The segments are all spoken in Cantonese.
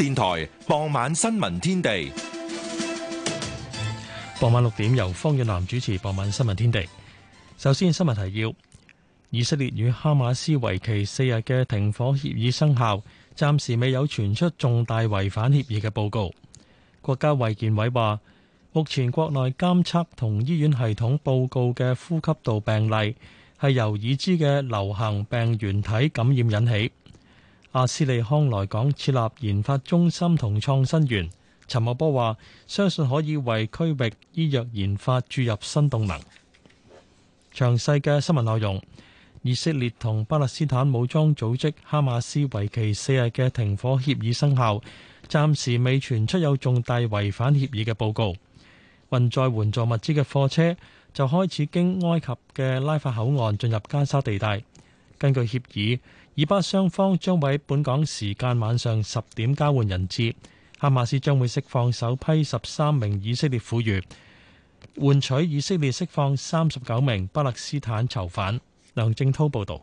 電臺傍晚新聞天地，傍晚六點由方遠南主持。傍晚新聞天地，首先新聞提要：以色列與哈馬斯為期四日嘅停火協議生效，暫時未有傳出重大違反協議嘅報告。國家衛健委話，目前國內監測同醫院系統報告嘅呼吸道病例，係由已知嘅流行病原體感染引起。阿斯利康來港設立研發中心同創新園，陳茂波話相信可以為區域醫藥研發注入新動能。詳細嘅新聞內容。以色列同巴勒斯坦武裝組織哈馬斯為期四日嘅停火協議生效，暫時未傳出有重大違反協議嘅報告。運載援助物資嘅貨車就開始經埃及嘅拉法口岸進入加沙地帶。根據協議，以巴雙方將會喺本港時間晚上十點交換人質，哈馬斯將會釋放首批十三名以色列婦孺，換取以色列釋放三十九名巴勒斯坦囚犯。梁正滔報導。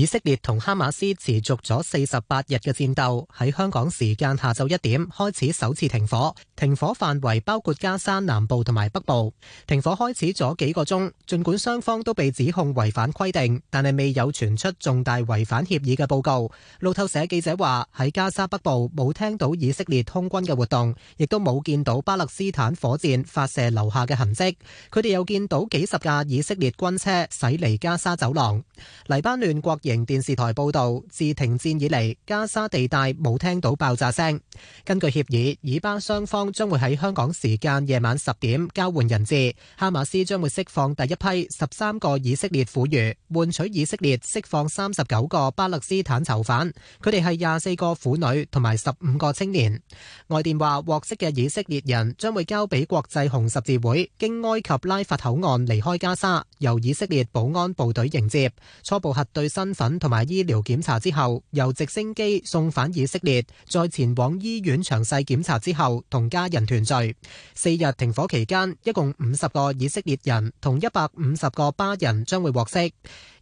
以色列同哈馬斯持續咗四十八日嘅戰鬥，喺香港時間下晝一點開始首次停火。停火範圍包括加沙南部同埋北部。停火開始咗幾個鐘，儘管雙方都被指控違反規定，但係未有傳出重大違反協議嘅報告。路透社記者話：喺加沙北部冇聽到以色列空軍嘅活動，亦都冇見到巴勒斯坦火箭發射留下嘅痕跡。佢哋又見到幾十架以色列軍車駛離加沙走廊。黎巴嫩國型電視台報道，自停戰以嚟，加沙地帶冇聽到爆炸聲。根據協議，以巴雙方將會喺香港時間夜晚十點交換人質，哈馬斯將會釋放第一批十三個以色列婦孺，換取以色列釋放三十九個巴勒斯坦囚犯。佢哋係廿四個婦女同埋十五個青年。外電話，獲釋嘅以色列人將會交俾國際紅十字會，經埃及拉法口岸離開加沙，由以色列保安部隊迎接。初步核對新。身份同埋醫療檢查之後，由直升機送返以色列，再前往醫院詳細檢查之後，同家人團聚。四日停火期間，一共五十個以色列人同一百五十個巴人將會獲釋。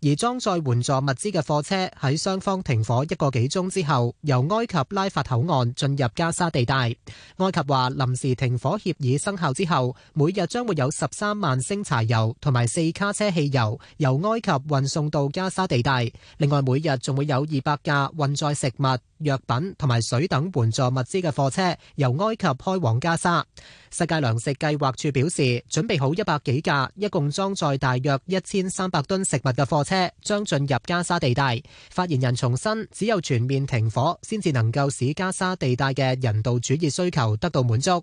而裝載援助物資嘅貨車喺雙方停火一個幾鐘之後，由埃及拉法口岸進入加沙地帶。埃及話，臨時停火協議生效之後，每日將會有十三萬升柴油同埋四卡車汽油由埃及運送到加沙地帶，另外，每日仲會有二百架運載食物、藥品同埋水等援助物資嘅貨車由埃及開往加沙。世界糧食計劃處表示，準備好一百幾架，一共裝載大約一千三百噸食物嘅貨車，將進入加沙地帶。發言人重申，只有全面停火，先至能夠使加沙地帶嘅人道主義需求得到滿足。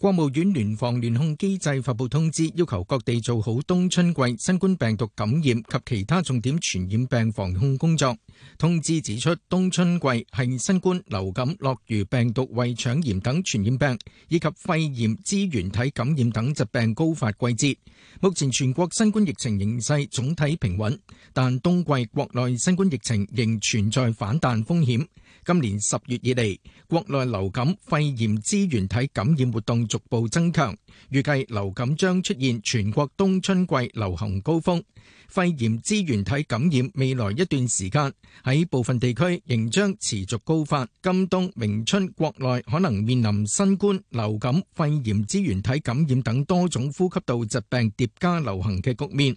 國務院聯防聯控機制發布通知，要求各地做好冬春季新冠病毒感染及其他重點傳染病防控工作。通知指出，冬春季係新冠、流感、諾如病毒、胃腸炎等傳染病以及肺炎支原體感染等疾病高發季節。目前全國新冠疫情形勢總體平穩，但冬季國內新冠疫情仍存在反彈風險。今年十月以嚟，國內流感肺炎支原體感染活動逐步增強，預計流感將出現全國冬春季流行高峰。肺炎支原體感染未來一段時間喺部分地區仍將持續高發，今冬明春國內可能面臨新冠、流感、肺炎支原體感染等多種呼吸道疾病疊加流行嘅局面。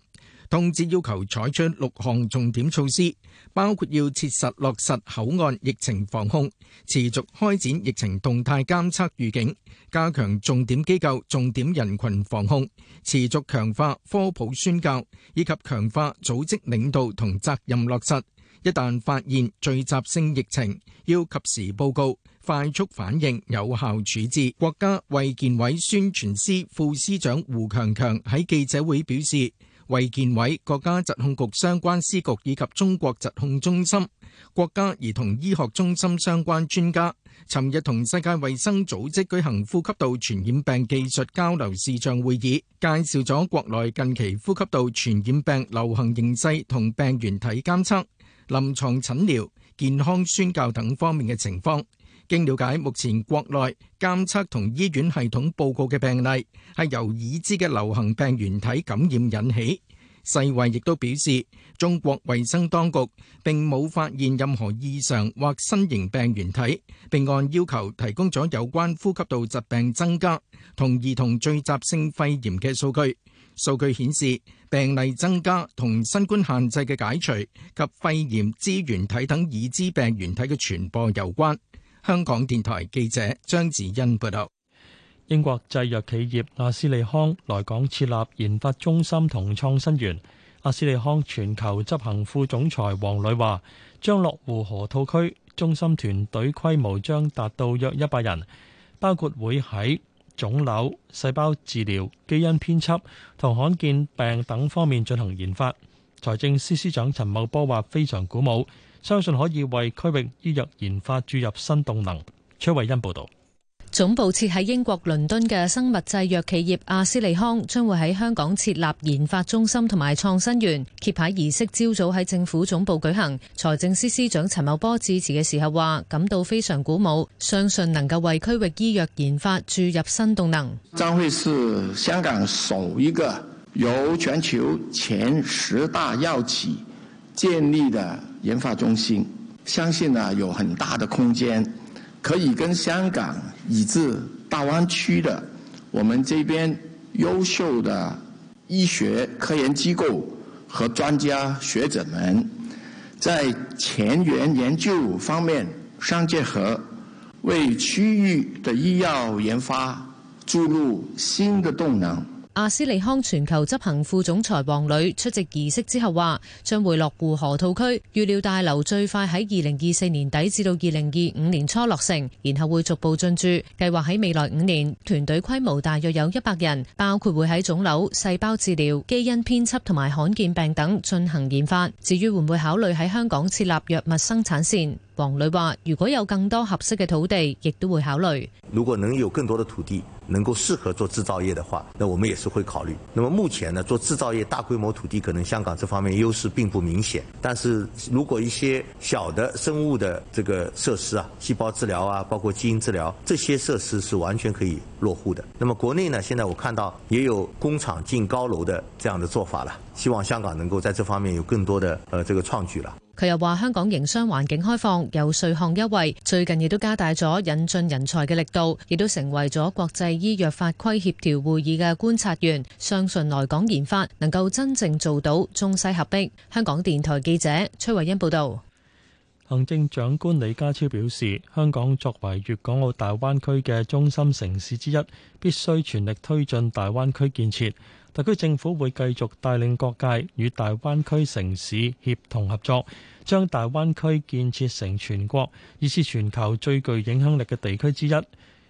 通知要求採取六項重點措施，包括要切實落實口岸疫情防控，持續開展疫情動態監測預警，加強重點機構、重點人群防控，持續強化科普宣教，以及強化組織領導同責任落實。一旦發現聚集性疫情，要及時報告、快速反應、有效處置。國家衛健委宣傳司副司長胡強強喺記者會表示。衛健委、國家疾控局相關司局以及中國疾控中心、國家兒童醫學中心相關專家，尋日同世界衛生組織舉行呼吸道傳染病技術交流視像會議，介紹咗國內近期呼吸道傳染病流行形勢同病原體監測、臨床診療、健康宣教等方面嘅情況。經了解，目前國內監測同醫院系統報告嘅病例係由已知嘅流行病原體感染引起。世衛亦都表示，中國衛生當局並冇發現任何異常或新型病原體，並按要求提供咗有關呼吸道疾病增加同兒童聚集性肺炎嘅數據。數據顯示，病例增加同新冠限制嘅解除及肺炎支原體等已知病原體嘅傳播有關。香港電台記者張子欣報道：英國製藥企業阿斯利康來港設立研發中心同創新園。阿斯利康全球執行副總裁黃磊話：將落戶河套區，中心團隊規模將達到約一百人，包括會喺腫瘤、細胞治療、基因編輯同罕見病等方面進行研發。財政司司長陳茂波話：非常鼓舞。相信可以為區域醫藥研發注入新動能。崔慧欣報道，總部設喺英國倫敦嘅生物製藥企業阿斯利康將會喺香港設立研發中心同埋創新園。揭牌儀式朝早喺政府總部舉行，財政司司長陳茂波致辭嘅時候話：感到非常鼓舞，相信能夠為區域醫藥研發注入新動能。將會是香港首一個由全球前十大藥企建立的。研發中心，相信呢、啊、有很大的空間可以跟香港以至大灣區的我們這邊優秀的醫學科研機構和專家學者們在前沿研究方面相結合，為區域的醫藥研發注入新的動能。阿斯利康全球執行副總裁王磊出席儀式之後話，將會落戶河套區。預料大樓最快喺二零二四年底至到二零二五年初落成，然後會逐步進駐。計劃喺未來五年，團隊規模大約有一百人，包括會喺腫瘤、細胞治療、基因編輯同埋罕見病等進行研發。至於會唔會考慮喺香港設立藥物生產線？王磊話：如果有更多合適嘅土地，亦都會考慮。如果能有更多的土地能夠適合做製造業的話，那我們也是會考慮。那麼目前呢，做製造業大規模土地可能香港這方面優勢並不明顯。但是如果一些小的生物的這個設施啊，細胞治療啊，包括基因治療，這些設施是完全可以落戶的。那麼國內呢，現在我看到也有工廠進高樓的這樣的做法了。希望香港能夠在這方面有更多的呃這個創舉了。佢又話：香港營商環境開放，有稅項優惠，最近亦都加大咗引進人才嘅力度，亦都成為咗國際醫藥法規協調會議嘅觀察員。相信來港研發能夠真正做到中西合璧。香港電台記者崔慧欣報道。行政長官李家超表示，香港作為粵港澳大灣區嘅中心城市之一，必須全力推進大灣區建設。特區政府會繼續帶領各界與大灣區城市協同合作，將大灣區建設成全國、以至全球最具影響力嘅地區之一。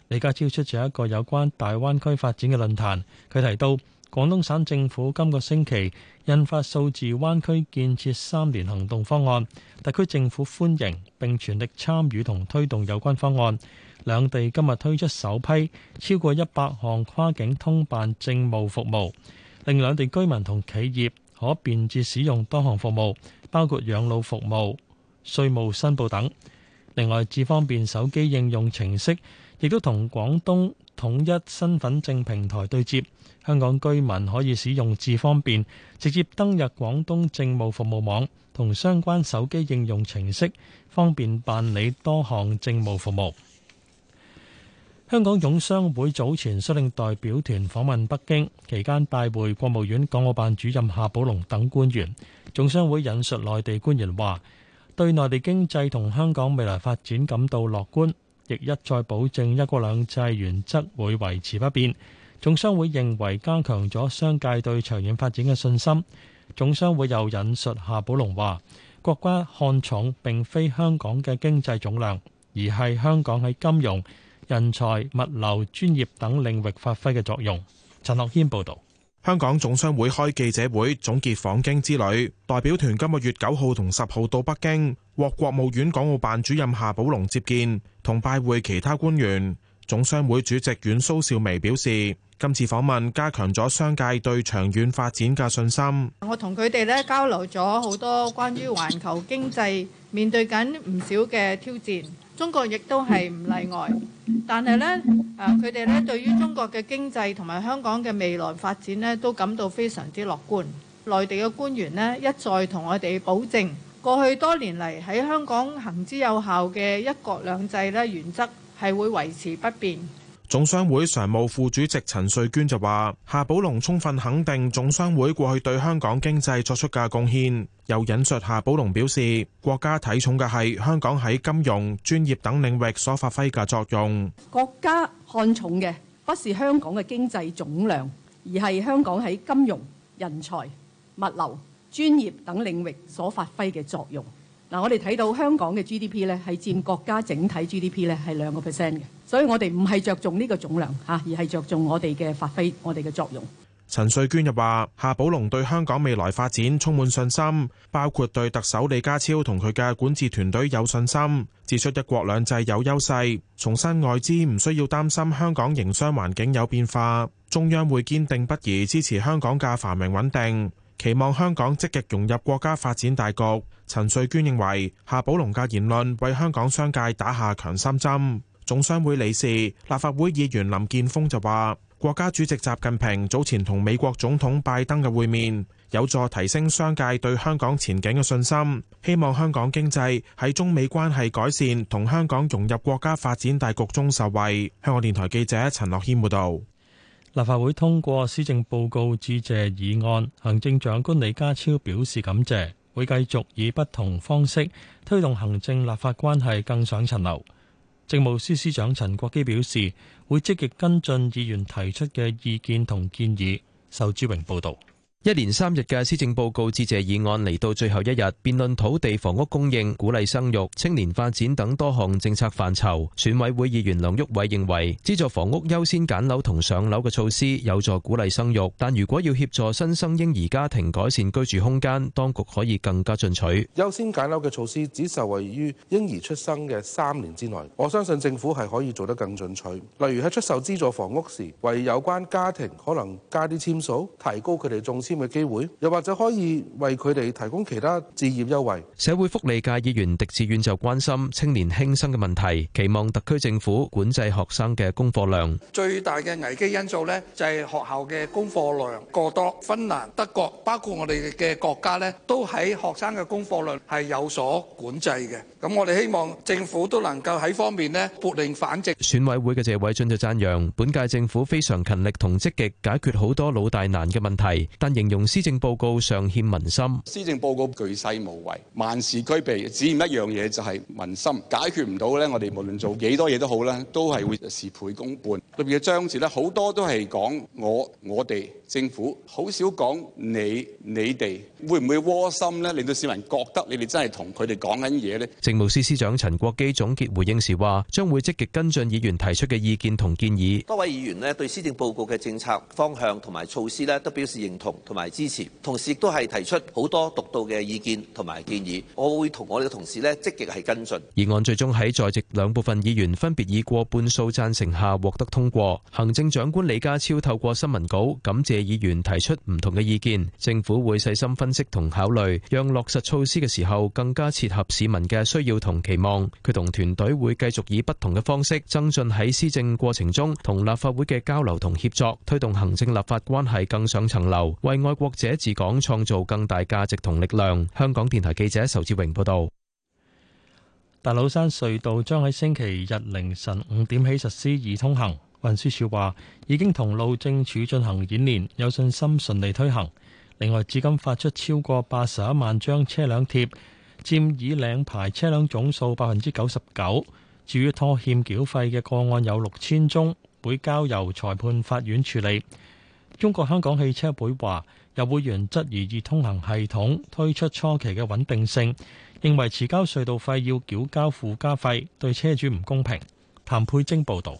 李家超出席一個有關大灣區發展嘅論壇，佢提到：廣東省政府今個星期印發《數字灣區建設三年行動方案》，特區政府歡迎並全力參與同推動有關方案。兩地今日推出首批超過一百項跨境通辦政務服務，令兩地居民同企業可便捷使用多項服務，包括養老服務、稅務申報等。另外，智方便手機應用程式，亦都同廣東統一身份證平台對接。香港居民可以使用智方便，直接登入廣東政務服務網同相關手機應用程式，方便辦理多項政務服務。香港總商會早前率領代表團訪問北京，期間拜會國務院港澳辦主任夏寶龍等官員。總商會引述內地官員話：對內地經濟同香港未來發展感到樂觀，亦一再保證一國兩制原則會維持不變。總商會認為加強咗商界對長遠發展嘅信心。總商會又引述夏寶龍話：國家看重並非香港嘅經濟總量，而係香港喺金融、人才、物流、專業等領域發揮嘅作用。陳樂軒報導，香港總商會開記者會總結訪京之旅，代表團今個月九號同十號到北京獲國務院港澳辦主任夏寶龍接見，同拜會其他官員。總商會主席阮蘇少湄表示。今次訪問加強咗商界對長遠發展嘅信心。我同佢哋呢交流咗好多關於環球經濟面對緊唔少嘅挑戰，中國亦都係唔例外。但係呢，啊佢哋呢對於中國嘅經濟同埋香港嘅未來發展呢都感到非常之樂觀。內地嘅官員呢一再同我哋保證，過去多年嚟喺香港行之有效嘅一國兩制呢原則係會維持不變。總商會常務副主席陳瑞娟就話：夏寶龍充分肯定總商會過去對香港經濟作出嘅貢獻。又引述夏寶龍表示：國家睇重嘅係香港喺金融、專業等領域所發揮嘅作用。國家看重嘅不是香港嘅經濟總量，而係香港喺金融、人才、物流、專業等領域所發揮嘅作用。嗱，我哋睇到香港嘅 GDP 咧，係佔國家整體 GDP 咧，係兩個 percent 嘅，所以我哋唔係着重呢個總量吓，而係着重我哋嘅發揮我哋嘅作用。陳瑞娟又話夏寶龍對香港未來發展充滿信心，包括對特首李家超同佢嘅管治團隊有信心，指出一國兩制有優勢，重申外資唔需要擔心香港營商環境有變化，中央會堅定不移支持香港嘅繁榮穩定。期望香港積極融入國家發展大局。陳瑞娟認為夏寶龍嘅言論為香港商界打下強心針，總商會理事、立法會議員林建峰就話國家主席習近平早前同美國總統拜登嘅會面，有助提升商界對香港前景嘅信心。希望香港經濟喺中美關係改善同香港融入國家發展大局中受惠。香港電台記者陳樂謙報道。立法會通過施政報告致謝議案，行政長官李家超表示感謝，會繼續以不同方式推動行政立法關係更上層樓。政務司司長陳國基表示，會積極跟進議員提出嘅意見同建議。受志榮報道。一連三日嘅施政報告致謝議案嚟到最後一日，辯論土地、房屋供應、鼓勵生育、青年發展等多項政策範疇。選委會議員梁毓偉認為，資助房屋優先揀樓同上樓嘅措施有助鼓勵生育，但如果要協助新生嬰兒家庭改善居住空間，當局可以更加進取。優先揀樓嘅措施只受惠於嬰兒出生嘅三年之內，我相信政府係可以做得更進取。例如喺出售資助房屋時，為有關家庭可能加啲簽數，提高佢哋中籤嘅機會，又或者可以為佢哋提供其他置業優惠。社會福利界議員狄志遠就關心青年輕生嘅問題，期望特區政府管制學生嘅功課量。最大嘅危機因素咧，就係學校嘅功課量過多。芬蘭、德國，包括我哋嘅國家咧，都喺學生嘅功課量係有所管制嘅。咁我哋希望政府都能夠喺方面咧撥亂反正。選委會嘅謝偉俊就讚揚本屆政府非常勤力同積極解決好多老大難嘅問題，但亦，形容施政報告尚欠民心，施政報告舉世無為，萬事俱備，只欠一樣嘢就係民心解決唔到咧。我哋無論做幾多嘢都好啦，都係會事倍功半。裏邊嘅章節咧，好多都係講我我哋政府，好少講你你哋，會唔會窩心咧？令到市民覺得你哋真係同佢哋講緊嘢咧。政務司司長陳國基總結回應時話，將會積極跟進議員提出嘅意見同建議。多位議員咧對施政報告嘅政策方向同埋措施咧都表示認同，同埋支持，同時亦都係提出好多獨到嘅意見同埋建議。我會同我哋嘅同事咧積極係跟進。議案最終喺在席兩部分議員分別以過半數贊成下獲得通過。行政長官李家超透過新聞稿感謝議員提出唔同嘅意見，政府會細心分析同考慮，讓落實措施嘅時候更加切合市民嘅需要同期望。佢同團隊會繼續以不同嘅方式增進喺施政過程中同立法會嘅交流同協作，推動行政立法關係更上層樓，為愛國者治港，創造更大價值同力量。香港電台記者仇志榮報道。大老山隧道將喺星期日凌晨五點起實施易通行。運輸署話已經同路政署進行演練，有信心順利推行。另外，至今發出超過八十一萬張車輛貼，佔已領牌車輛總數百分之九十九。至於拖欠繳費嘅個案有六千宗，會交由裁判法院處理。中國香港汽車會話，有會員質疑易通行系統推出初期嘅穩定性，認為遲交隧道費要繳交附加費，對車主唔公平。譚佩晶報導。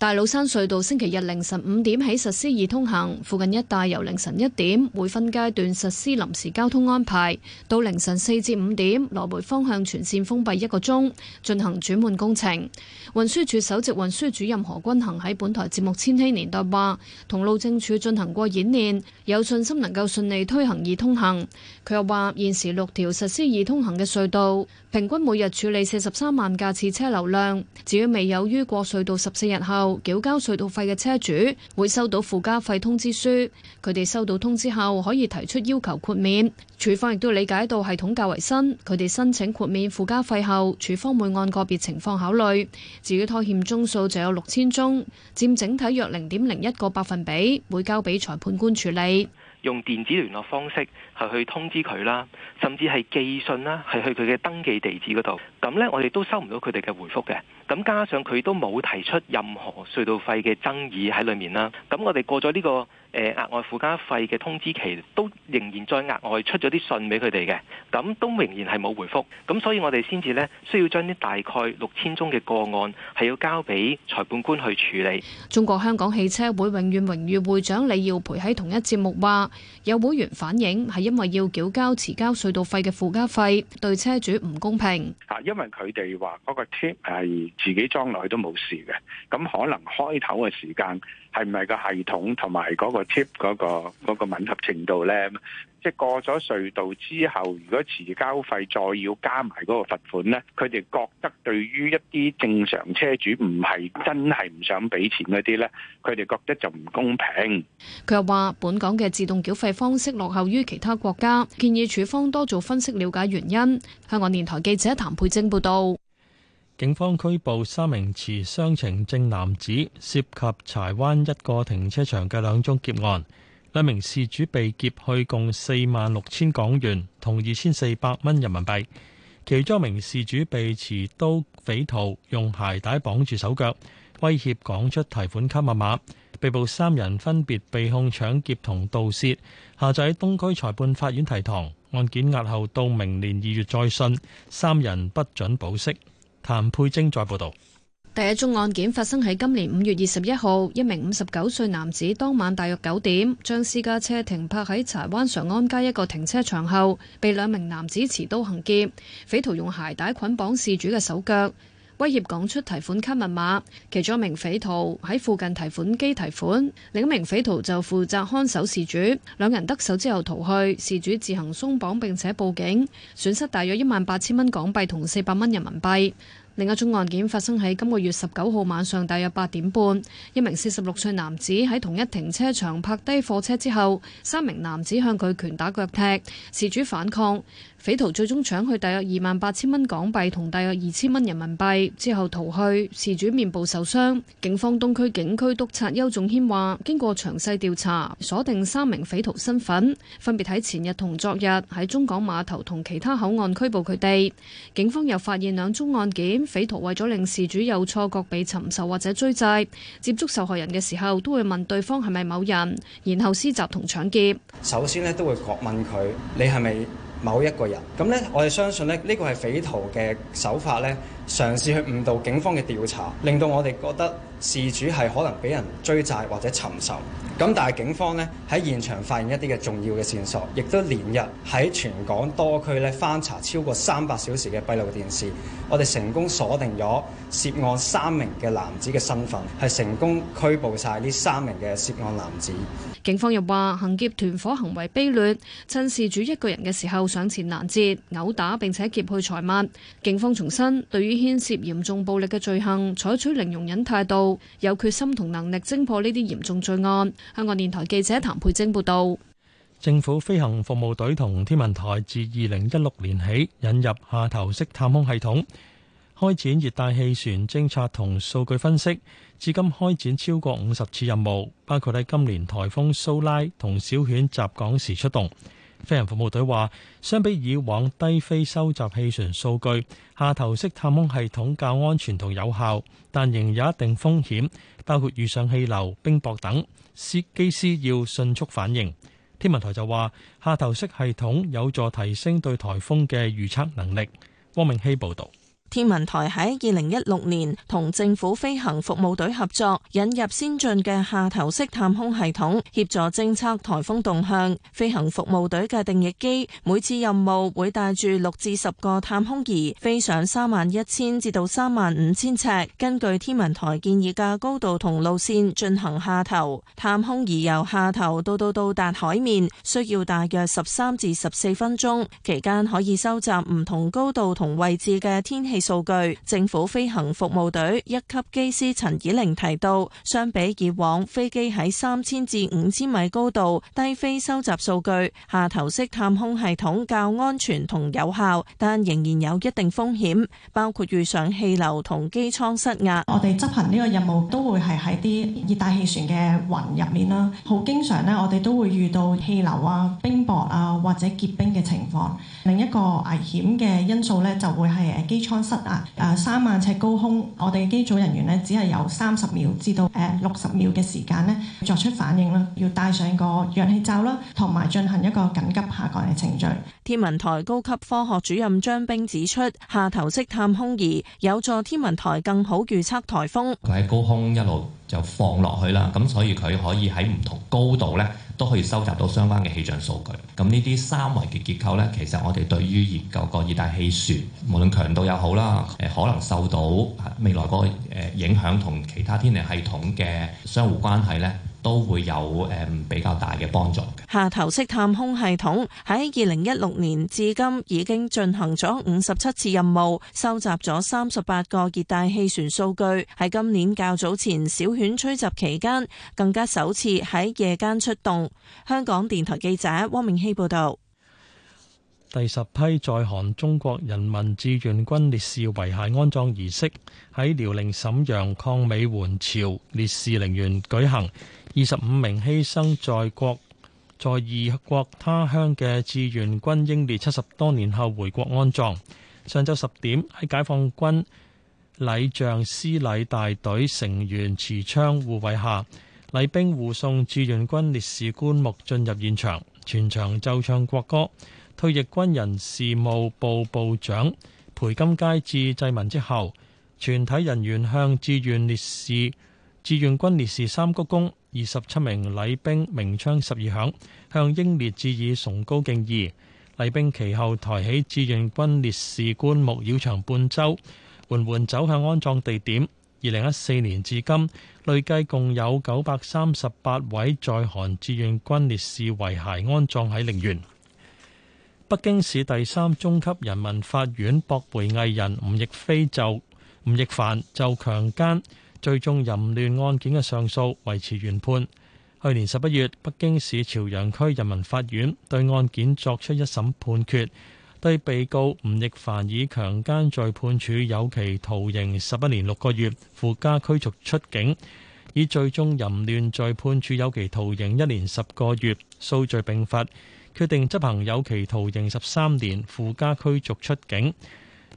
大老山隧道星期日凌晨五點起實施易通行，附近一帶由凌晨一點會分階段實施臨時交通安排，到凌晨四至五點來回方向全綫封閉一個鐘進行轉換工程。運輸署首席運輸主任何君衡喺本台節目《千禧年代》話，同路政署進行過演練，有信心能夠順利推行易通行。佢又話，現時六條實施易通行嘅隧道。平均每日處理四十三萬架次車流量。至於未有於過隧道十四日後繳交隧道費嘅車主，會收到附加費通知書。佢哋收到通知後，可以提出要求豁免。署方亦都理解到系統較為新，佢哋申請豁免附加費後，署方會按個別情況考慮。至於拖欠宗數就有六千宗，佔整體約零點零一個百分比，會交俾裁判官處理。用電子聯絡方式係去通知佢啦，甚至係寄信啦，係去佢嘅登記地址嗰度。咁呢，我哋都收唔到佢哋嘅回覆嘅。咁加上佢都冇提出任何隧道費嘅爭議喺裏面啦。咁我哋過咗呢個。誒、呃、額外附加費嘅通知期都仍然再額外出咗啲信俾佢哋嘅，咁都仍然係冇回覆，咁所以我哋先至呢，需要將啲大概六千宗嘅個案係要交俾裁判官去處理。中國香港汽車會永遠榮譽會長李耀培喺同一節目話：有會員反映係因為要繳交遲交隧道費嘅附加費，對車主唔公平。啊，因為佢哋話嗰個貼係自己裝落去都冇事嘅，咁可能開頭嘅時間。係唔係個系統同埋嗰個 tip 嗰個個吻合程度呢？即係過咗隧道之後，如果遲交費再要加埋嗰個罰款呢，佢哋覺得對於一啲正常車主唔係真係唔想俾錢嗰啲呢，佢哋覺得就唔公平。佢又話：本港嘅自動繳費方式落後於其他國家，建議處方多做分析了解原因。香港電台記者譚佩晶報道。警方拘捕三名持雙程證男子，涉及柴灣一個停車場嘅兩宗劫案。兩名事主被劫去共四萬六千港元，同二千四百蚊人民幣。其中一名事主被持刀匪徒用鞋帶綁住手腳，威脅講出提款卡密碼。被捕三人分別被控搶劫同盜竊。下晝喺東區裁判法院提堂，案件押後到明年二月再訊，三人不准保釋。譚佩晶再報道：第一宗案件發生喺今年五月二十一號，一名五十九歲男子當晚大約九點將私家車停泊喺柴灣常安街一個停車場後，被兩名男子持刀行劫，匪徒用鞋帶捆綁事主嘅手腳。威脅講出提款卡密碼，其中一名匪徒喺附近提款機提款，另一名匪徒就負責看守事主。兩人得手之後逃去，事主自行鬆綁並且報警，損失大約一萬八千蚊港幣同四百蚊人民幣。另一宗案件發生喺今個月十九號晚上大約八點半，一名四十六歲男子喺同一停車場泊低貨車之後，三名男子向佢拳打腳踢，事主反抗。匪徒最終搶去大約二萬八千蚊港幣同大約二千蚊人民幣之後逃去，事主面部受傷。警方東區警區督察邱仲謙話：經過詳細調查，鎖定三名匪徒身份，分別喺前日同昨日喺中港碼頭同其他口岸拘捕佢哋。警方又發現兩宗案件，匪徒為咗令事主有錯覺被尋仇或者追債，接觸受害人嘅時候都會問對方係咪某人，然後施襲同搶劫。首先呢都會問佢你係咪？某一個人咁咧，我哋相信咧，呢個係匪徒嘅手法咧，嘗試去誤導警方嘅調查，令到我哋覺得事主係可能俾人追債或者尋仇。咁但係警方咧，喺現場發現一啲嘅重要嘅線索，亦都連日喺全港多區咧翻查超過三百小時嘅閉路電視，我哋成功鎖定咗涉案三名嘅男子嘅身份，係成功拘捕晒呢三名嘅涉案男子。警方又話，行劫團伙行為卑劣，趁事主一個人嘅時候上前攔截、毆打並且劫去財物。警方重申，對於牽涉嚴重暴力嘅罪行，採取零容忍態度，有決心同能力偵破呢啲嚴重罪案。香港電台記者譚佩晶報道。政府飛行服務隊同天文台自二零一六年起引入下頭式探空系統。開展熱帶氣旋偵察同數據分析，至今開展超過五十次任務，包括喺今年颱風蘇拉同小犬襲港時出動。飛行服務隊話，相比以往低飛收集氣旋數據，下投式探空系統較安全同有效，但仍有一定風險，包括遇上氣流、冰雹等。司機師要迅速反應。天文台就話，下投式系統有助提升對颱風嘅預測能力。汪明希報導。天文台喺二零一六年同政府飛行服務隊合作，引入先進嘅下投式探空系統，協助偵測颱風動向。飛行服務隊嘅定翼機每次任務會帶住六至十個探空儀，飛上三萬一千至到三萬五千尺，根據天文台建議嘅高度同路綫進行下投探空儀，由下投到到到達海面，需要大約十三至十四分鐘，期間可以收集唔同高度同位置嘅天氣。數據，政府飛行服務隊一級機師陳以玲提到，相比以往，飛機喺三千至五千米高度低飛收集數據，下投式探空系統較安全同有效，但仍然有一定風險，包括遇上氣流同機艙失壓。我哋執行呢個任務都會係喺啲熱帶氣旋嘅雲入面啦，好經常咧，我哋都會遇到氣流啊、冰雹啊或者結冰嘅情況。另一個危險嘅因素咧，就會係誒機艙。三萬尺高空，我哋機組人員咧，只係有三十秒至到六十秒嘅時間咧，作出反應啦，要戴上個氧氣罩啦，同埋進行一個緊急下降嘅程序。天文台高級科學主任張冰指出，下投式探空儀有助天文台更好預測颱風。就放落去啦，咁所以佢可以喺唔同高度咧，都可以收集到相關嘅氣象數據。咁呢啲三維嘅結構咧，其實我哋對於研究個熱帶氣旋，無論強度又好啦，誒可能受到未來個誒影響同其他天氣系統嘅相互關係咧。都會有誒、嗯、比較大嘅幫助。下頭式探空系統喺二零一六年至今已經進行咗五十七次任務，收集咗三十八個熱帶氣旋數據，喺今年較早前小犬吹襲期間更加首次喺夜間出動。香港電台記者汪明熙報道。第十批在韓中國人民志願軍烈士遺骸安葬儀式喺遼寧瀋陽抗美援朝烈士陵園舉行。二十五名犧牲在國在異國他鄉嘅志願軍英烈，七十多年後回國安葬。上晝十點，喺解放軍儀仗司禮大隊成員持槍護衛下，禮兵護送志願軍烈士棺木進入現場，全場奏唱國歌。退役軍人事務部部長裴金佳致祭文之後，全體人員向志願烈士、志願軍烈士三鞠躬。二十七名禮兵鳴槍十二響，向英烈致以崇高敬意。禮兵其後抬起志願軍烈士棺木繞場半周，緩緩走向安葬地點。二零一四年至今，累計共有九百三十八位在韓志願軍烈士遺骸安葬喺陵園。北京市第三中級人民法院駁回藝人吳亦菲就吳亦凡就強姦最終淫亂案件嘅上訴維持原判。去年十一月，北京市朝陽區人民法院對案件作出一審判決，對被告吳亦凡以強姦罪判處有期徒刑十一年六個月，附加驅逐出境；以聚眾淫亂罪判處有期徒刑一年十個月，數罪並罰，決定執行有期徒刑十三年，附加驅逐出境。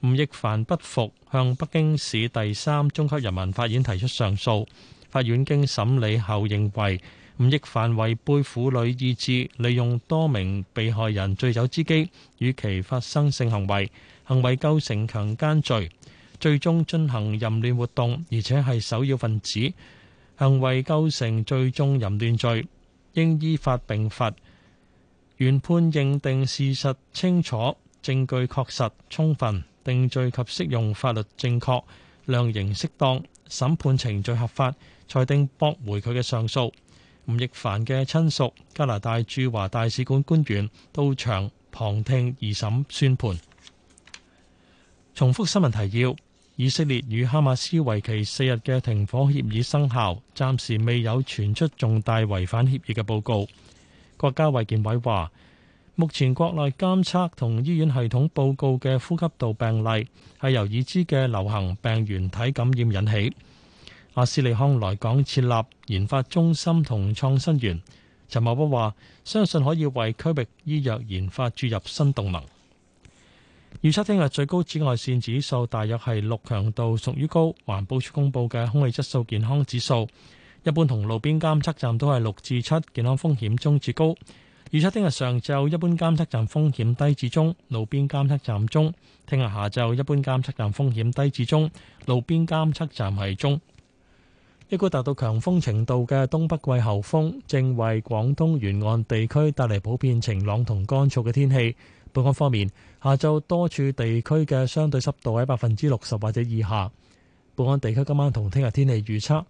吳亦凡不服。向北京市第三中級人民法院提出上訴。法院經審理後認為，吳亦凡違背婦女意志，利用多名被害人醉酒之機與其發生性行為，行為構成強奸罪；最終進行淫亂活動，而且係首要分子，行為構成聚眾淫亂罪，應依法並罰。原判認定事實清楚，證據確實充分。定罪及適用法律正確，量刑適當，審判程序合法，裁定駁回佢嘅上訴。吳亦凡嘅親屬、加拿大駐華大使館官員到場旁聽二審宣判。重複新聞提要：以色列與哈馬斯為期四日嘅停火協議生效，暫時未有傳出重大違反協議嘅報告。國家衛健委話，目前國內監測同醫院系統報告嘅呼吸道病例係由已知嘅流行病原體感染引起。阿斯利康來港設立研發中心同創新園，陳茂波話相信可以為區域醫藥研發注入新動能。預測聽日最高紫外線指數大約係六強度，屬於高。環保署公佈嘅空氣質素健康指數，一般同路邊監測站都係六至七，健康風險中至高。預測聽日上晝一般監測站風險低至中，路邊監測站中；聽日下晝一般監測站風險低至中，路邊監測站係中。一股達到強風程度嘅東北季候風正為廣東沿岸地區帶嚟普遍晴朗同乾燥嘅天氣。本港方面，下晝多處地區嘅相對濕度喺百分之六十或者以下。本港地區今晚同聽日天氣預測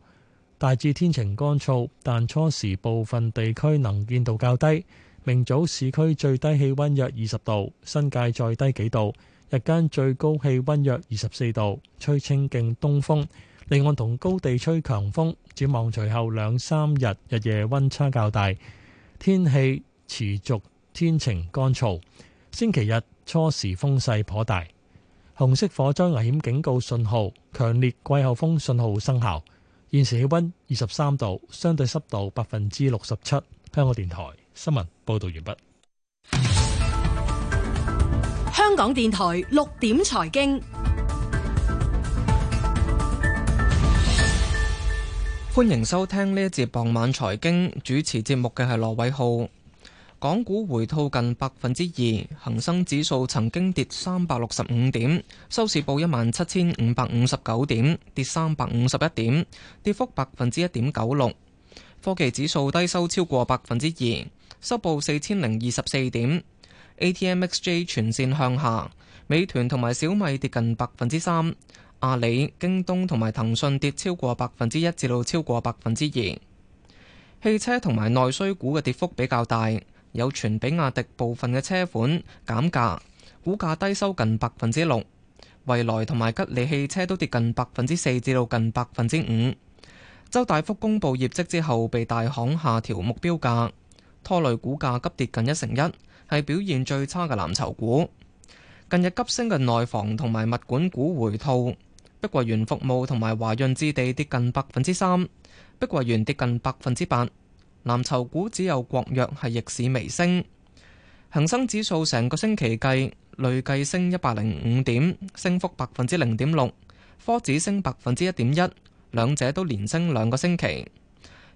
大致天晴乾燥，但初時部分地區能見度較低。明早市區最低氣溫約二十度，新界再低幾度。日間最高氣溫約二十四度，吹清勁東風。離岸同高地吹強風。展望隨後兩三日日夜溫差較大，天氣持續天晴乾燥。星期日初時風勢頗大，紅色火災危險警告信號、強烈季候風信號生效。現時氣溫二十三度，相對濕度百分之六十七。香港電台。新聞報道完畢。香港電台六點財經，歡迎收聽呢一節傍晚財經，主持節目嘅係羅偉浩。港股回吐近百分之二，恒生指數曾經跌三百六十五點，收市報一萬七千五百五十九點，跌三百五十一點，跌幅百分之一點九六。科技指數低收超過百分之二。收報四千零二十四點，A T M X J 全線向下，美團同埋小米跌近百分之三，阿里、京東同埋騰訊跌超過百分之一，至到超過百分之二。汽車同埋內需股嘅跌幅比較大，有傳比亞迪部分嘅車款減價，股價低收近百分之六。蔚來同埋吉利汽車都跌近百分之四，至到近百分之五。周大福公布業績之後，被大行下調目標價。拖累股價急跌近一成一，係表現最差嘅藍籌股。近日急升嘅內房同埋物管股回吐，碧桂園服務同埋華潤置地跌近百分之三，碧桂園跌近百分之八。藍籌股只有國藥係逆市微升。恒生指數成個星期計，累計升一百零五點，升幅百分之零點六，科指升百分之一點一，兩者都連升兩個星期。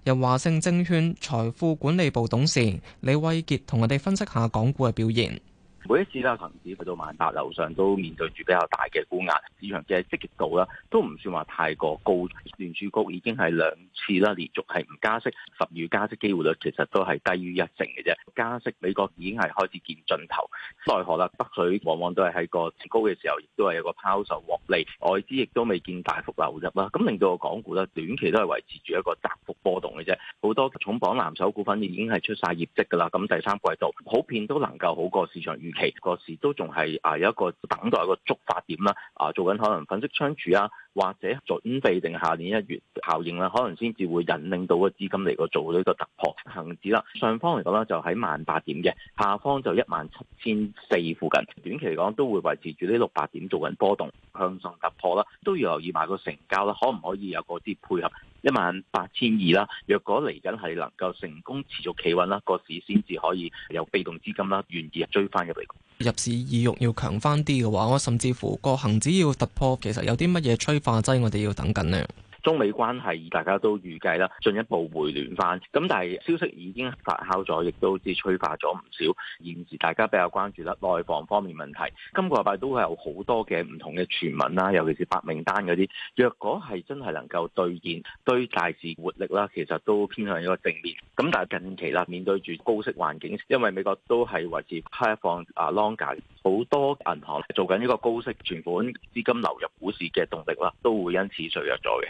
由華盛證券財富管理部董事李偉杰同我哋分析下港股嘅表現。每一次啦，恒指去到萬達樓上都面對住比較大嘅沽壓，市場嘅積極度啦，都唔算話太過高。聯儲局已經係兩次啦，連續係唔加息，十二月加息機會率其實都係低於一成嘅啫。加息美國已經係開始見盡頭，奈何啦，北水往往都係喺個高嘅時候，亦都係有個拋售獲利，外資亦都未見大幅流入啦。咁令到港股啦，短期都係維持住一個窄幅波動嘅啫。好多重磅藍籌股份已經係出晒業績㗎啦，咁第三季度普遍都能夠好過市場預期個市都仲係啊，有一個等待，一個觸發點啦，啊做緊可能粉飾櫥窗啊，或者準備定下年一月效應啦，可能先至會引領到個資金嚟個做呢個突破恒指啦，上方嚟講咧就喺萬八點嘅，下方就一萬七千四附近。短期嚟講都會維持住呢六百點做緊波動，向上突破啦，都要留意埋個成交啦，可唔可以有個啲配合？一萬八千二啦，若果嚟緊係能夠成功持續企穩啦，個市先至可以有被動資金啦，願意追翻入嚟。入市意欲要強翻啲嘅話，我甚至乎個恒指要突破，其實有啲乜嘢催化劑，我哋要等緊咧。中美關係大家都預計啦，進一步回暖翻。咁但係消息已經發酵咗，亦都知催化咗唔少，現時大家比較關注啦，內房方面問題。今個禮拜都會有好多嘅唔同嘅傳聞啦，尤其是白名單嗰啲。若果係真係能夠兌現，對大市活力啦，其實都偏向一個正面。咁但係近期啦，面對住高息環境，因為美國都係維持開放啊，longer 好多銀行做緊呢個高息存款資金流入股市嘅動力啦，都會因此削弱咗嘅。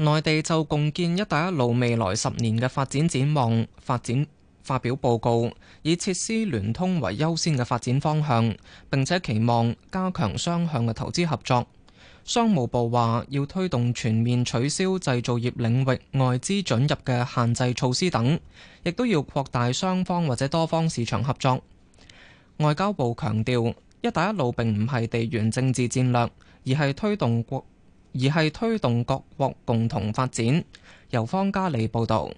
內地就共建「一帶一路」未來十年嘅發展展望、發展發表報告，以設施聯通為優先嘅發展方向，並且期望加強雙向嘅投資合作。商務部話要推動全面取消製造業領域外資准入嘅限制措施等，亦都要擴大雙方或者多方市場合作。外交部強調，「一帶一路」並唔係地緣政治戰略，而係推動國。而係推動各國共同發展。由方家利報導，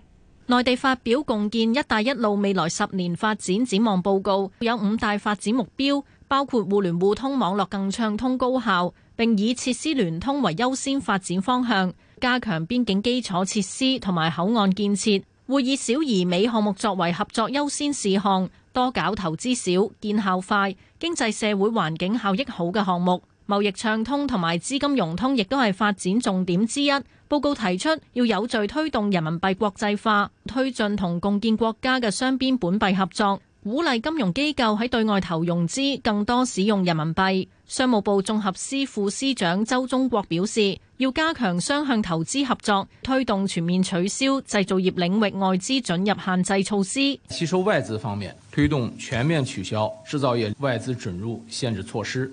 內地發表《共建“一帶一路”未來十年發展展望報告》，有五大發展目標，包括互聯互通網絡更暢通高效，並以設施聯通為優先發展方向，加強邊境基礎設施同埋口岸建設。會以小而美項目作為合作優先事項，多搞投資小、見效快、經濟社會環境效益好嘅項目。貿易暢通同埋資金融通亦都係發展重點之一。報告提出要有序推動人民幣國際化，推進同共建國家嘅雙邊本幣合作，鼓勵金融機構喺對外投融資更多使用人民幣。商務部綜合司副司長周忠國表示，要加強雙向投資合作，推動全面取消製造業領域外資准入限制措施。吸收外資方面，推動全面取消製造業外資准入限制措施。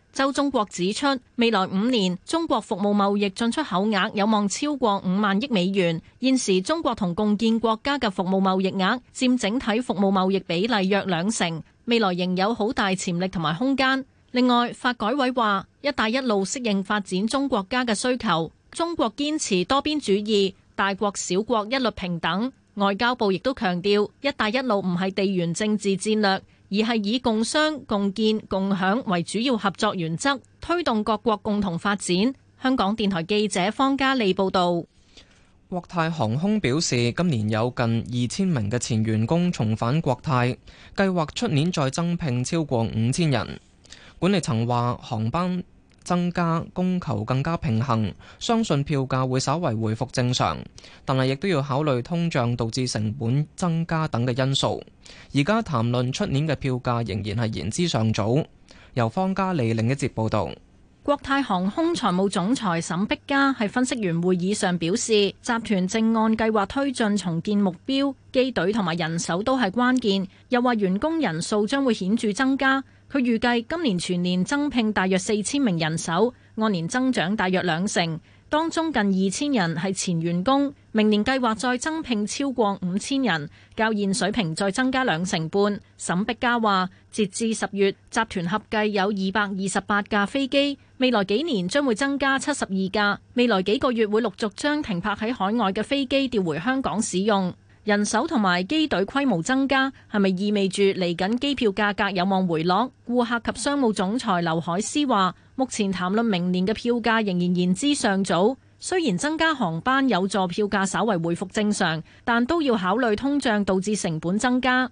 周中國指出，未來五年中國服務貿易進出口額有望超過五萬億美元。現時中國同共建國家嘅服務貿易額佔整體服務貿易比例約兩成，未來仍有好大潛力同埋空間。另外，發改委話，一帶一路適應發展中國家嘅需求，中國堅持多邊主義，大國小國一律平等。外交部亦都強調，一帶一路唔係地緣政治戰略。而係以共商、共建、共享為主要合作原則，推動各國共同發展。香港電台記者方嘉利報導。國泰航空表示，今年有近二千名嘅前員工重返國泰，計劃出年再增聘超過五千人。管理層話航班增加供求更加平衡，相信票價會稍為回復正常，但係亦都要考慮通脹導致成本增加等嘅因素。而家談論出年嘅票價仍然係言之尚早。由方嘉利另一節報道，國泰航空財務總裁沈碧嘉喺分析員會議上表示，集團正按計劃推進重建目標，機隊同埋人手都係關鍵。又話員工人數將會顯著增加。佢預計今年全年增聘大約四千名人手，按年增長大約兩成，當中近二千人係前員工。明年計劃再增聘超過五千人，較現水平再增加兩成半。沈碧嘉話：截至十月，集團合計有二百二十八架飛機，未來幾年將會增加七十二架，未來幾個月會陸續將停泊喺海外嘅飛機調回香港使用。人手同埋機隊規模增加係咪意味住嚟緊機票價格有望回落？顧客及商務總裁劉凱思話，目前談論明年嘅票價仍然言之尚早。雖然增加航班有助票價稍為回復正常，但都要考慮通脹導致成本增加。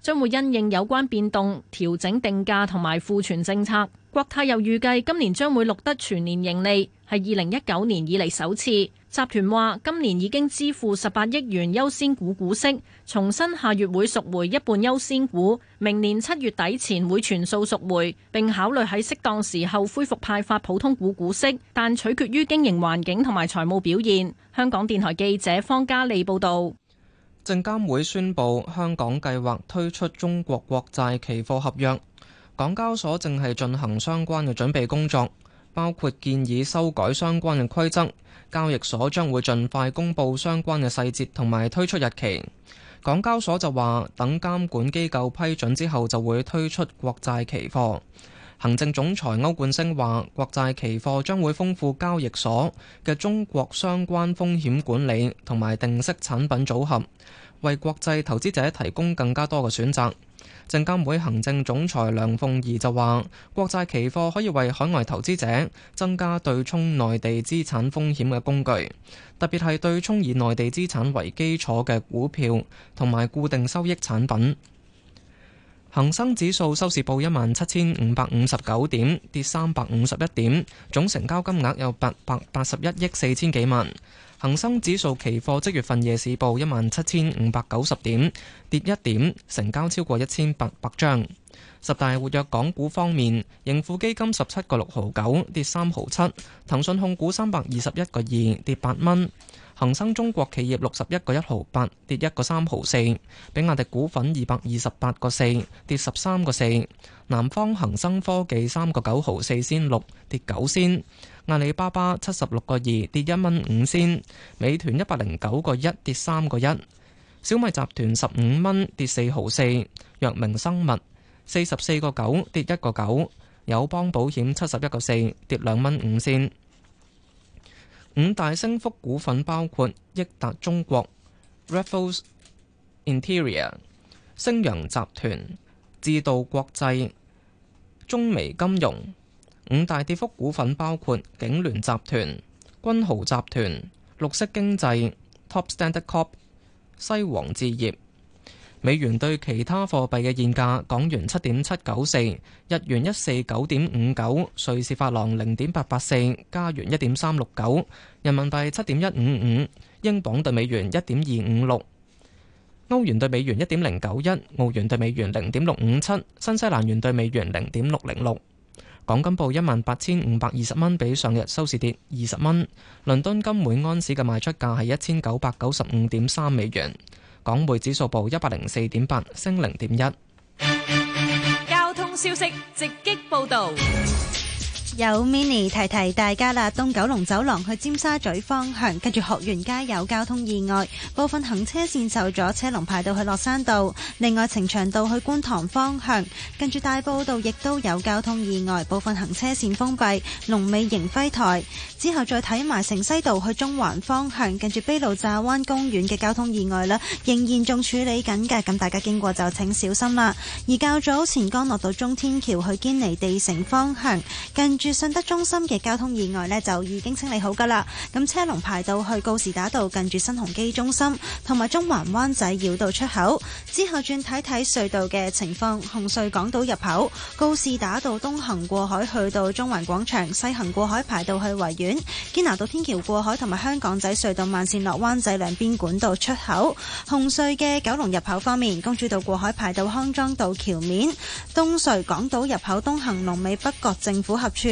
將會因應有關變動調整定價同埋庫存政策，國泰又預計今年將會錄得全年盈利，係二零一九年以嚟首次。集團話今年已經支付十八億元優先股股息，重申下月會贖回一半優先股，明年七月底前會全數贖回，並考慮喺適當時候恢復派發普通股股息，但取決於經營環境同埋財務表現。香港電台記者方嘉利報道。證監會宣佈，香港計劃推出中國國債期貨合約，港交所正係進行相關嘅準備工作，包括建議修改相關嘅規則，交易所將會盡快公布相關嘅細節同埋推出日期。港交所就話等監管機構批准之後就會推出國債期貨。行政總裁歐冠升話：國債期貨將會豐富交易所嘅中國相關風險管理同埋定息產品組合，為國際投資者提供更加多嘅選擇。證監會行政總裁梁鳳儀就話：國債期貨可以為海外投資者增加對沖內地資產風險嘅工具，特別係對沖以內地資產為基礎嘅股票同埋固定收益產品。恒生指數收市報一萬七千五百五十九點，跌三百五十一點，總成交金額有八百八十一億四千幾萬。恒生指數期貨即月份夜市報一萬七千五百九十點，跌一點，成交超過一千八百張。十大活躍港股方面，盈富基金十七個六毫九跌三毫七，騰訊控股三百二十一個二跌八蚊。恒生中國企業六十一個一毫八，跌一個三毫四；比亞迪股份二百二十八個四，跌十三個四；南方恒生科技三個九毫四先六，跌九先；阿里巴巴七十六個二，跌一蚊五先；美團一百零九個一，跌三個一；小米集團十五蚊，跌四毫四；藥明生物四十四個九，跌一個九；友邦保險七十一個四，跌兩蚊五先。五大升幅股份包括益達中國、Raffles Interior、星揚集團、智道國際、中微金融。五大跌幅股份包括景聯集團、君豪集團、綠色經濟、Top Standard Corp、西黃置業。美元兌其他貨幣嘅現價：港元七點七九四，日元一四九點五九，瑞士法郎零點八八四，加元一點三六九，人民幣七點一五五，英鎊對美元一點二五六，歐元對美元一點零九一，澳元對美元零點六五七，新西蘭元對美元零點六零六。港金報一萬八千五百二十蚊，比上日收市跌二十蚊。倫敦金每安士嘅賣出價係一千九百九十五點三美元。港匯指數報一百零四點八，升零點一。交通消息直擊報道。有 mini 提提大家啦，東九龍走廊去尖沙咀方向，跟住學園街有交通意外，部分行車綫受阻，車龍排到去落山道。另外，呈祥道去觀塘方向，跟住大埔道亦都有交通意外，部分行車綫封閉，龍尾迎輝台。之後再睇埋城西道去中環方向，跟住卑路乍灣公園嘅交通意外啦，仍然仲處理緊嘅。咁大家經過就請小心啦。而較早前，崗落到中天橋去堅尼地城方向，跟住信德中心嘅交通意外咧，就已經清理好噶啦。咁車龍排到去告士打道近住新鴻基中心同埋中環灣仔繞道出口，之後轉睇睇隧道嘅情況，紅隧港島入口，告士打道東行過海去到中環廣場西行過海排到去維園堅拿道天橋過海同埋香港仔隧道慢線落灣仔兩邊管道出口。紅隧嘅九龍入口方面，公主道過海排到康莊道橋面，東隧港島入口東行龍尾北角政府合署。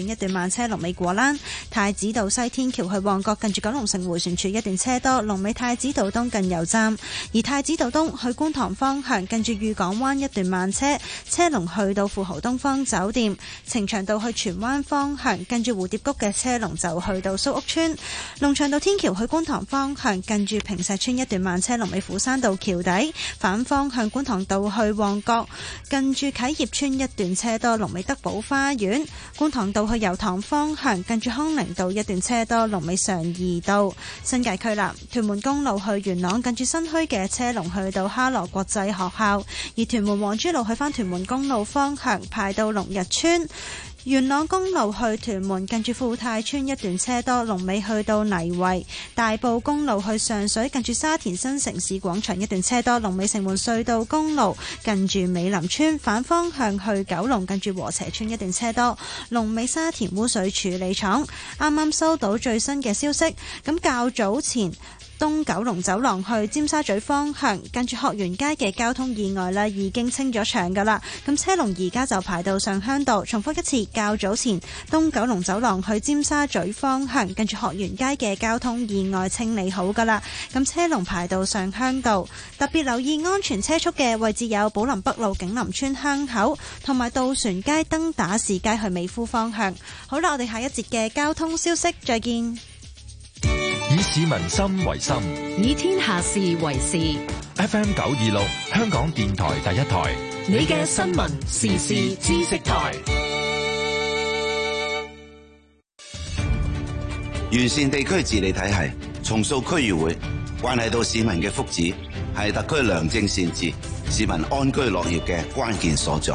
一段慢車龍尾果欄，太子道西天橋去旺角近住九龍城回旋處一段車多，龍尾太子道東近油站；而太子道東去觀塘方向近住御港灣一段慢車，車龍去到富豪東方酒店；呈祥道去荃灣方向近住蝴蝶谷嘅車龍就去到蘇屋村，龍翔道天橋去觀塘方向近住平石村一段慢車龍尾斧山道橋底，反方向觀塘道去旺角近住啟業村一段車多，龍尾德寶花園，觀塘道。去油塘方向，近住康寧道一段車多，龍尾上移到新界區南屯門公路去元朗，近住新墟嘅車龍去到哈羅國際學校，而屯門黃珠路去翻屯門公路方向排到龍日村。元朗公路去屯門，近住富泰村一段車多，龍尾去到泥圍；大埔公路去上水，近住沙田新城市廣場一段車多，龍尾城門隧道公路，近住美林村反方向去九龍，近住禾輋村一段車多，龍尾沙田污水處理廠。啱啱收到最新嘅消息，咁較早前。東九龍走廊去尖沙咀方向，近住學園街嘅交通意外咧，已經清咗場噶啦。咁車龍而家就排到上鄉道。重複一次，較早前東九龍走廊去尖沙咀方向，近住學園街嘅交通意外清理好噶啦。咁車龍排到上鄉道。特別留意安全車速嘅位置有寶林北路景林村鄉口，同埋渡船街登打士街去美孚方向。好啦，我哋下一節嘅交通消息再見。以市民心為心，以天下事為事。FM 九二六，香港電台第一台，你嘅新聞時事知識台。完善地區治理體系，重塑區議會，關係到市民嘅福祉，係特區良政善治、市民安居樂業嘅關鍵所在。